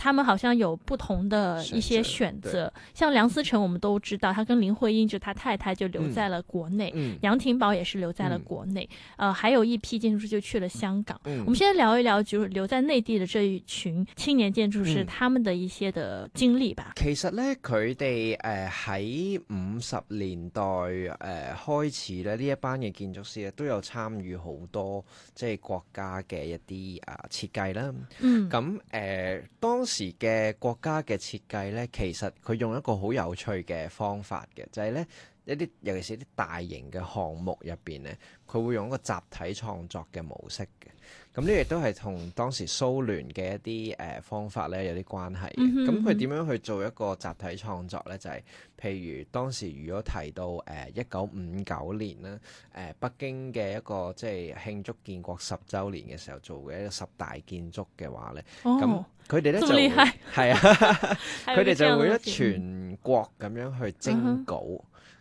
他們好像有不同的一些選擇，張像梁思成，我們都知道，他跟林徽因就他、是、太太就留在了國內，楊廷寶也是留在了國內，嗯、呃，還有一批建築師就去了香港。嗯、我們現在聊一聊就，就是留在內地的這一群青年建築師，嗯、他們的一些的經歷吧。其實呢，佢哋誒喺五十年代誒、呃、開始呢，呢一班嘅建築師咧都有參與好多即係國家嘅一啲啊設計啦。嗯，咁誒當。時嘅國家嘅設計咧，其實佢用一個好有趣嘅方法嘅，就係、是、咧一啲，尤其是啲大型嘅項目入邊咧，佢會用一個集體創作嘅模式嘅。咁呢亦都係同當時蘇聯嘅一啲誒、呃、方法咧有啲關係嘅。咁佢點樣去做一個集體創作咧？就係、是、譬如當時如果提到誒一九五九年啦，誒、呃、北京嘅一個即係慶祝建國十周年嘅時候做嘅一個十大建築嘅話咧，咁、oh.。佢哋咧就係啊，佢哋就會喺 全國咁樣去徵稿，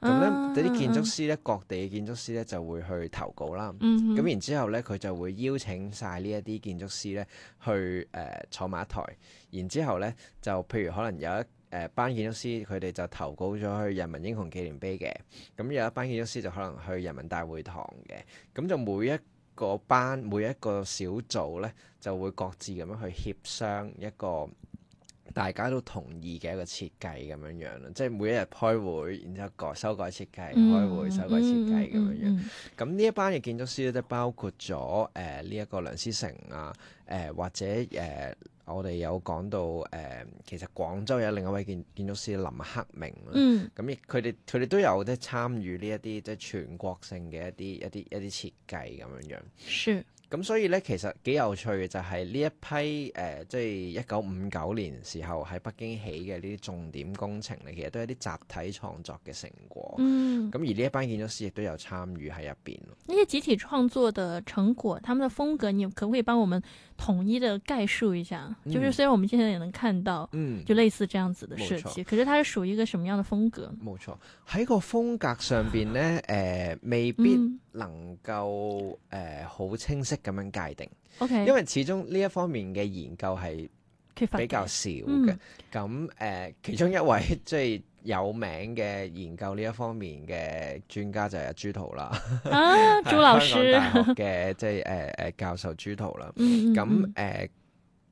咁樣嗰啲建築師咧，各地嘅建築師咧就會去投稿啦。咁、uh huh. 然之後咧，佢就會邀請晒呢一啲建築師咧去誒、呃、坐埋一台。然之後咧，就譬如可能有一誒班建築師，佢哋就投稿咗去人民英雄紀念碑嘅。咁有一班建築師就可能去人民大會堂嘅。咁就每一嗰班每一個小組咧，就會各自咁樣去協商一個。大家都同意嘅一個設計咁樣樣咯，即係每一日開會，然之後改修改設計，開會修改設計咁樣樣。咁呢一班嘅建築師咧，都包括咗誒呢一個梁思成啊，誒、呃、或者誒、呃、我哋有講到誒、呃，其實廣州有另一位建建築師林克明啦。嗯。咁佢哋佢哋都有參與即係參與呢一啲即係全國性嘅一啲一啲一啲設計咁樣樣。是。咁所以咧，其實幾有趣嘅就係呢一批誒即係一九五九年時候喺北京起嘅呢啲重點工程咧，其實都係啲集體創作嘅成果。嗯，咁而呢一班建築師亦都有參與喺入邊。呢啲集體創作嘅成果，他們的風格，你可唔可以幫我們統一的概述一下？就是雖然我們現在也能看到，嗯，就類似這樣子的設計，嗯、可是它是屬於一個什麼樣的風格？冇錯，喺個風格上邊咧，誒、呃、未必能夠誒好清晰，呃嗯咁樣界定，Okay. 因為始終呢一方面嘅研究係缺乏比較少嘅。咁誒、嗯呃，其中一位即係有名嘅研究呢一方面嘅專家就係、啊、朱濤啦。啊，朱 老師嘅即係誒誒教授朱濤啦。咁誒、嗯嗯嗯，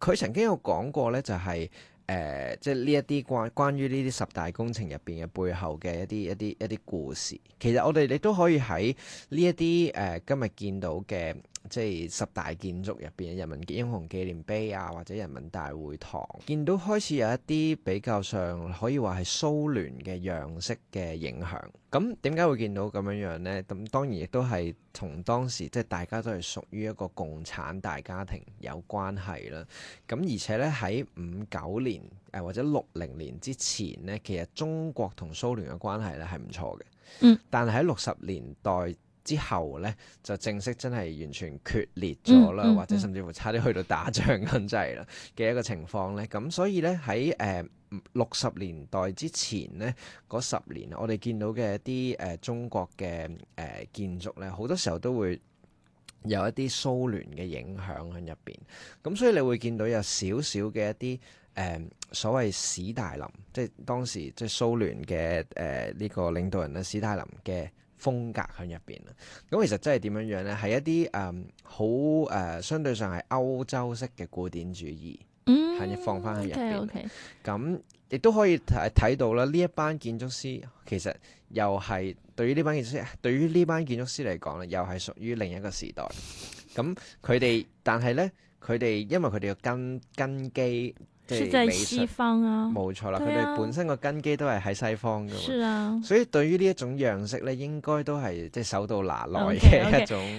佢、呃、曾經有講過咧，就係、是、誒，即係呢一啲關關於呢啲十大工程入邊嘅背後嘅一啲一啲一啲故事。其實我哋你都可以喺呢一啲誒、uh, 今日見到嘅。即係十大建築入邊嘅人民英雄紀念碑啊，或者人民大會堂，見到開始有一啲比較上可以話係蘇聯嘅樣式嘅影響。咁點解會見到咁樣樣呢？咁當然亦都係同當時即係大家都係屬於一個共產大家庭有關係啦。咁而且咧喺五九年誒、呃、或者六零年之前咧，其實中國同蘇聯嘅關係咧係唔錯嘅。嗯，但係喺六十年代，之後呢，就正式真係完全決裂咗啦，嗯嗯嗯、或者甚至乎差啲去到打仗咁滯啦嘅一個情況呢。咁所以呢，喺誒六十年代之前呢，嗰十年，我哋見到嘅一啲誒、呃、中國嘅、呃、建築呢，好多時候都會有一啲蘇聯嘅影響喺入邊。咁所以你會見到有少少嘅一啲誒、呃、所謂史大林，即係當時即係蘇聯嘅誒呢個領導人呢史大林嘅。風格喺入邊啦，咁其實真係點樣樣咧？係一啲誒好誒，相對上係歐洲式嘅古典主義，係、嗯、放翻喺入邊。咁亦 Okay, okay. 都可以睇睇、啊、到啦。呢一班建築師其實又係對於呢班建築師對於呢班建築師嚟講咧，又係屬於另一個時代。咁佢哋，但係咧，佢哋因為佢哋嘅根根基。是在西方啊，冇錯啦，佢哋本身個根基都係喺西方嘅。是啊，所以對於呢一種樣式呢，應該都係即手到拿來。OK，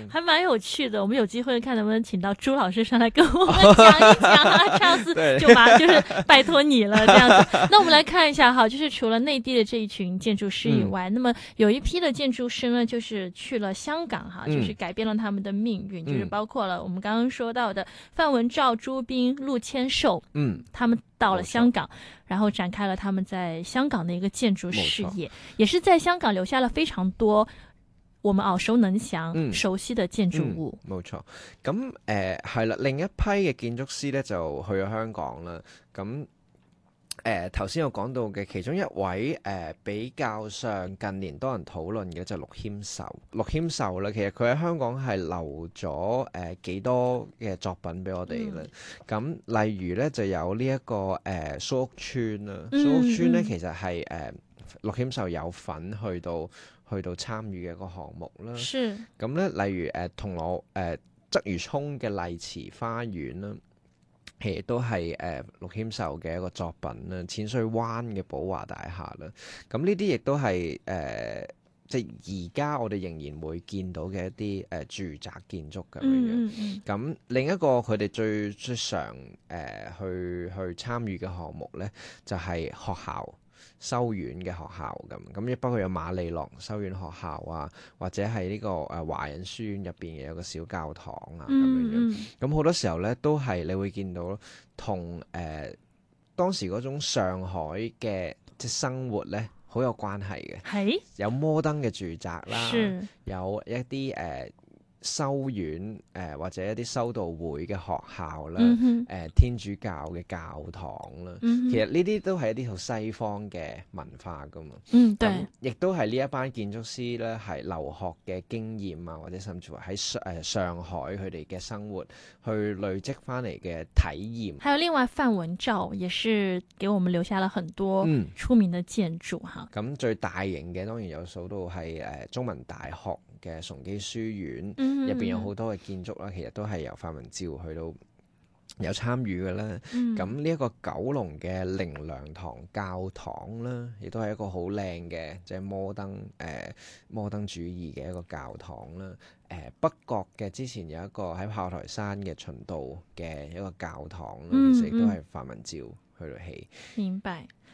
還蠻有趣的，我們有機會看能不能請到朱老師上來跟我們講一講啊。這樣子就馬就是拜託你了，這樣子。那我們來看一下哈，就是除了內地的這一群建築師以外，那麼有一批的建築師呢，就是去了香港哈，就是改變了他們的命運，就是包括了我們剛剛說到的范文照、朱彬、陸謙受，嗯。他們到了香港，冇錯，然後展開了他們在香港的一個建築事業，冇錯，也是在香港留下了非常多我們耳熟能詳、熟悉的建築物。冇錯、嗯，咁誒係啦，另一批嘅建築師咧就去咗香港啦，咁。誒頭先我講到嘅其中一位誒、呃、比較上近年多人討論嘅就陸謙壽，陸謙壽咧其實佢喺香港係留咗誒、呃、幾多嘅作品俾我哋咧，咁、嗯、例如咧就有、這個呃、蘇蘇呢一個誒蘇屋村啦，蘇屋村咧其實係誒、呃、陸謙壽有份去到去到參與嘅一個項目啦，咁咧是例如誒同、呃、我誒、呃、鰂魚涌嘅麗池花園啦。其實，都係誒陸謙受嘅一個作品啦，淺水灣嘅寶華大廈啦，咁呢啲亦都係誒，即係而家我哋仍然會見到嘅一啲誒、呃、住宅建築咁樣。咁另一個佢哋最最常誒、呃、去去參與嘅項目咧，就係、是、學校。修院嘅學校咁，咁亦包括有馬里郎修院學校啊，或者係呢、這個誒華、呃、仁書院入邊有個小教堂啊咁、嗯、樣。咁好多時候呢，都係你會見到同誒、呃、當時嗰種上海嘅即生活呢，好有關係嘅。是有摩登嘅住宅啦，是有一啲誒。呃修院誒、呃、或者一啲修道會嘅學校啦，誒、嗯哼呃、天主教嘅教堂啦，嗯、哼其實呢啲都係一啲好西方嘅文化噶嘛，嗯，對，亦都係呢一班建築師咧係留學嘅經驗啊，或者甚至乎喺誒上海佢哋嘅生活去累積翻嚟嘅體驗。還有另外范文照，也是給我們留下了很多、嗯、出名嘅建築哈。咁、嗯嗯嗯、最大型嘅當然有數到係誒中文大學。嘅崇基書院入邊有好多嘅建築啦，其實都係由范文照去到有參與嘅啦。咁呢一個九龍嘅靈糧堂教堂啦，亦都係一個好靚嘅即係摩登誒、呃、摩登主義嘅一個教堂啦。誒、呃、北角嘅之前有一個喺炮台山嘅循道嘅一個教堂啦，嗯、其實亦都係范文照去到起。明白。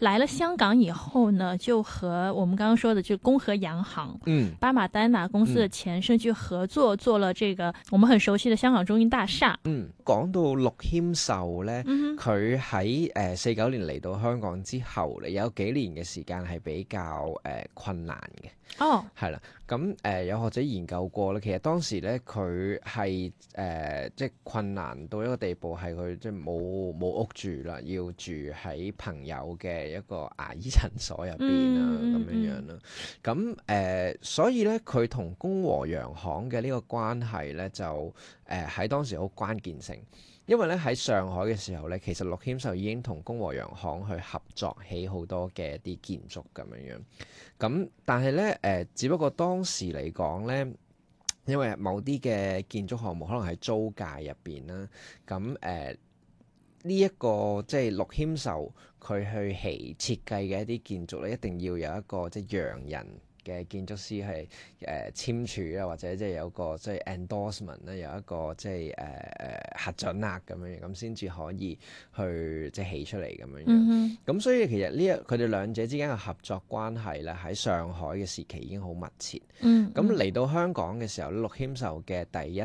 來了香港以後呢，就和我們剛剛說的就公和洋行、嗯、巴馬丹拿公司的前身去合作、嗯、做了這個我們很熟悉的香港中銀大廈。嗯，講到陸謙受呢，佢喺誒四九年嚟到香港之後有幾年嘅時間係比較誒、呃、困難嘅。哦，係啦，咁、嗯、誒、呃、有學者研究過咧，其實當時呢，佢係誒即困難到一個地步，係佢即係冇冇屋住啦，要住喺朋友嘅。一個牙醫診所入邊啊，咁、嗯、樣樣咯。咁誒、呃，所以咧，佢同公和洋行嘅呢個關係咧，就誒喺、呃、當時好關鍵性。因為咧喺上海嘅時候咧，其實陸謙受已經同公和洋行去合作起好多嘅一啲建築咁樣樣。咁但係咧，誒、呃，只不過當時嚟講咧，因為某啲嘅建築項目可能喺租界入邊啦。咁誒。呃呢一、這個即係陸謙壽佢去起設計嘅一啲建築咧，一定要有一個即係洋人嘅建築師係誒、呃、簽署啊，或者即係有一個即係 endorsement 咧，有一個即係誒誒核准啊咁樣，咁先至可以去即係起出嚟咁樣。咁、mm hmm. 所以其實呢一佢哋兩者之間嘅合作關係咧，喺上海嘅時期已經好密切。咁嚟、mm hmm. 到香港嘅時候，陸謙壽嘅第一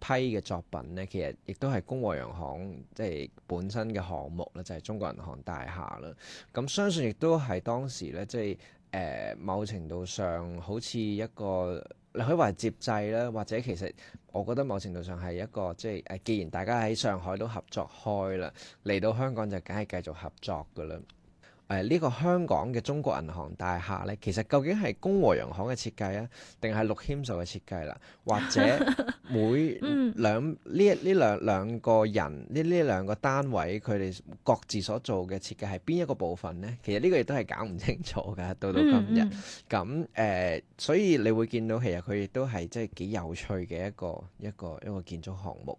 批嘅作品呢，其實亦都係公和洋行即係、就是、本身嘅項目啦，就係、是、中國銀行大廈啦。咁相信亦都係當時呢，即係誒某程度上好似一個你可以話係接濟啦，或者其實我覺得某程度上係一個即係誒，既然大家喺上海都合作開啦，嚟到香港就梗係繼續合作噶啦。誒呢、呃這個香港嘅中國銀行大廈咧，其實究竟係公和洋行嘅設計啊，定係陸謙受嘅設計啦，或者每兩呢呢兩兩個人呢呢兩個單位佢哋各自所做嘅設計係邊一個部分咧？其實呢個亦都係搞唔清楚㗎，到到今日。咁誒、嗯嗯呃，所以你會見到其實佢亦都係即係幾有趣嘅一個一個一個，一個建築項目。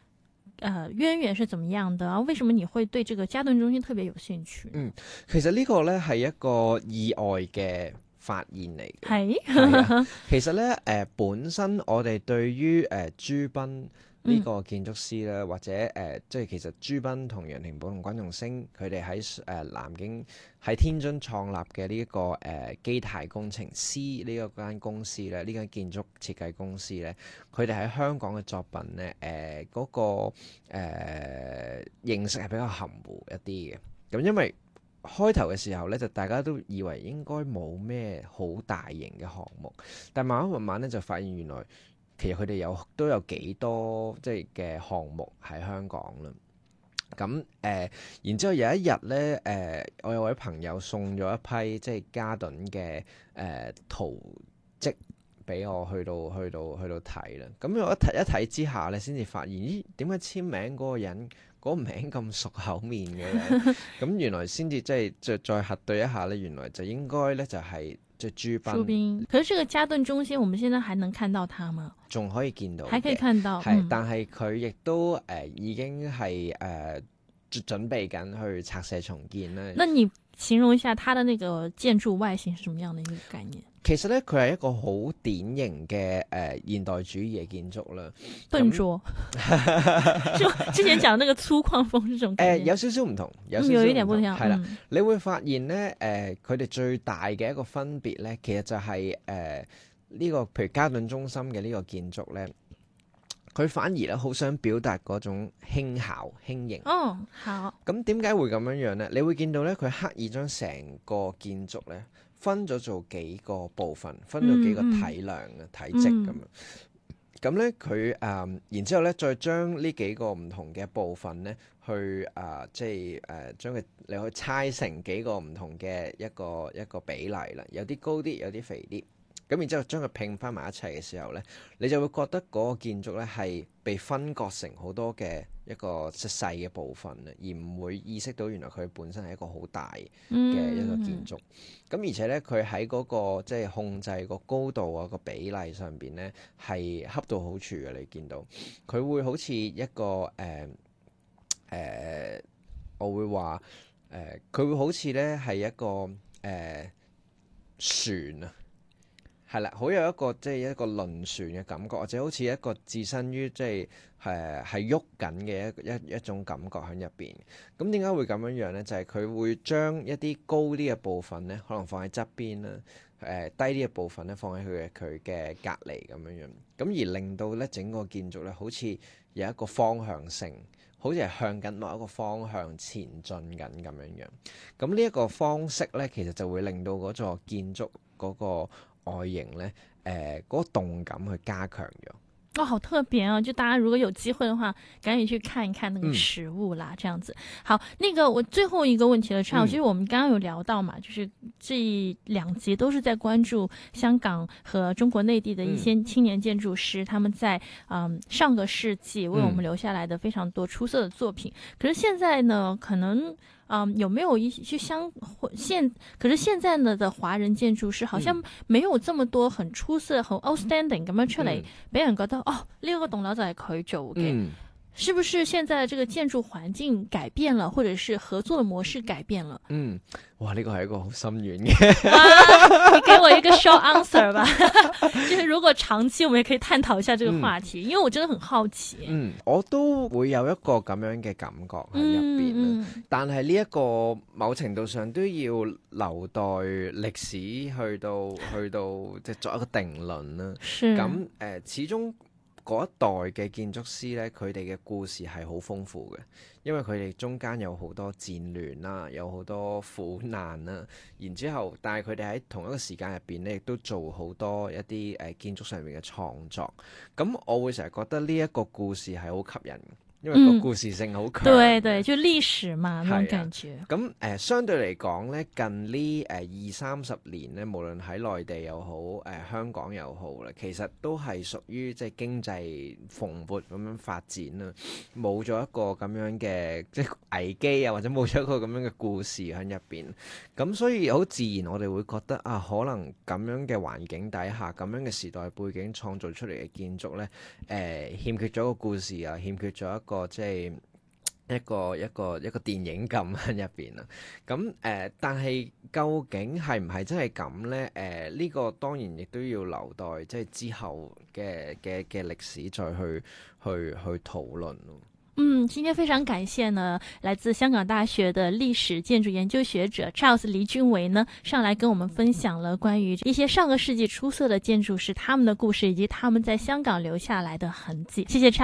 誒淵源是怎麼樣的？然後為什麼你會對這個嘉頓中心特別有興趣？嗯，其實呢個呢係一個意外嘅發現嚟嘅。係、 啊，其實呢，誒、呃、本身我哋對於誒、呃、朱斌。呢個建築師咧，或者誒，即、呃、係其實朱彬同楊廷寶同關頌聲，佢哋喺誒南京喺天津創立嘅呢一個誒、呃、基泰工程司呢個間公司咧，呢間建築設計公司咧，佢哋喺香港嘅作品咧，誒、呃、嗰、那個誒、呃、認識係比較含糊一啲嘅。咁因為開頭嘅時候咧，就大家都以為應該冇咩好大型嘅項目，但慢慢慢慢咧就發現原來。其實佢哋有都有幾多即係嘅項目喺香港啦，咁誒、呃，然之後有一日咧，誒、呃，我有位朋友送咗一批即係嘉頓嘅誒圖則俾我去到去到去到睇啦，咁我一睇一睇之下咧，先至發現咦，點解簽名嗰個人嗰個名咁熟口面嘅？咁 原來先至即係再再核對一下咧，原來就應該咧就係。就朱斌兵，可是這個嘉頓中心，我們現在還能看到它嗎？仲可以見到，還可以看到，係、嗯，但係佢亦都誒、呃、已經係誒、呃、準備緊去拆卸重建啦。那你？形容一下它的那個建築外形是什麼樣的一個概念？其實咧，佢係一個好典型嘅誒、呃、現代主義嘅建築啦。笨拙，就之前講那個粗獷風係種誒，有少少唔同，有少少唔同、嗯、有一點不同係啦。你會發現咧，誒、呃，佢哋最大嘅一個分別咧，其實就係誒呢個，譬如嘉頓中心嘅呢個建築咧。佢反而咧好想表達嗰種輕巧輕盈。哦，好。咁點解會咁樣樣咧？你會見到咧，佢刻意將成個建築咧分咗做幾個部分，分咗幾個體量嘅、嗯、體積咁樣。咁咧、嗯，佢誒、嗯，然之後咧，再將呢幾個唔同嘅部分咧，去、呃、誒，即係誒，將、呃、佢你可以拆成幾個唔同嘅一個一個比例啦，有啲高啲，有啲肥啲。咁然之後將佢拼翻埋一齊嘅時候咧，你就會覺得嗰個建築咧係被分割成好多嘅一個細嘅部分啦，而唔會意識到原來佢本身係一個好大嘅一個建築。咁、mm hmm. 而且咧，佢喺嗰個即係控制個高度啊個比例上邊咧係恰到好處嘅。你見到佢會好似一個誒誒、呃呃，我會話誒，佢、呃、會好似咧係一個誒、呃、船啊！係啦，好有一個即係一個輪船嘅感覺，或者好似一個置身於即係誒係喐緊嘅一一一種感覺喺入邊。咁點解會咁樣樣咧？就係、是、佢會將一啲高啲嘅部分咧，可能放喺側邊啦，誒、呃、低啲嘅部分咧放喺佢嘅佢嘅隔籬咁樣樣。咁而令到咧整個建築咧，好似有一個方向性，好似係向緊某一個方向前進緊咁樣樣。咁呢一個方式咧，其實就會令到嗰座建築嗰、嗰個，外形呢，誒、呃，嗰、那個動感去加強咗。哇、哦，好特別啊！就大家如果有機會的話，趕緊去看一看那個實物啦，嗯、這樣子。好，那個我最後一個問題啦，Charles，其實我們剛剛有聊到嘛，就是這兩集都是在關注香港和中國內地的一些青年建築師，嗯、他們在嗯、呃、上個世紀為我們留下來的非常多出色的作品。嗯、可是現在呢，可能。嗯，有沒有一些相現，可是現在呢的華人建築師，好像沒有這麼多很出色、很 outstanding 咁樣出來，俾、嗯、人覺得哦，呢、這個棟樓就係佢做嘅。Okay? 嗯是不是現在這個建築環境改變了，或者是合作的模式改變了？嗯，哇、呢、這個係一個好深遠嘅哇。 你給我一個 short answer 吧， 就是如果長期，我們也可以探討一下這個話題，嗯、因為我真係很好奇。嗯，我都會有一個咁樣嘅感覺喺入邊，但係呢一個某程度上都要留待歷史去到去到即係作一個定論啦。 是咁誒、呃，始終。嗰一代嘅建築師咧，佢哋嘅故事係好豐富嘅，因為佢哋中間有好多戰亂啦，有好多苦難啦，然之後，但係佢哋喺同一個時間入面咧，亦都做好多一啲誒建築上面嘅創作。咁我會成日覺得呢一個故事係好吸引。因為個故事性好強，嗯，對對，就歷史嘛，咁感覺。咁誒、啊呃，相對嚟講咧，近呢誒、呃、二三十年咧，無論喺內地又好，誒、呃、香港又好啦，其實都係屬於即係經濟蓬勃咁樣發展啊，冇咗一個咁樣嘅即係危機啊，或者冇咗一個咁樣嘅故事喺入邊。咁所以好自然，我哋會覺得啊，可能咁樣嘅環境底下，咁樣嘅時代背景創造出嚟嘅建築咧，誒、呃，欠缺咗個故事啊，欠缺咗一個。一個即係一個一個一個電影咁喺入邊啦，咁誒、呃，但係究竟係唔係真係咁呢？誒、呃，呢、這個當然亦都要留待即係之後嘅嘅嘅歷史再去去去討論咯。嗯，今天非常感謝呢，來自香港大學的歷史建築研究學者 Charles 黎雋維呢，上來跟我們分享了關於一些上個世紀出色的建築師他們的故事以及他們在香港留下來的痕跡。謝謝 Charles。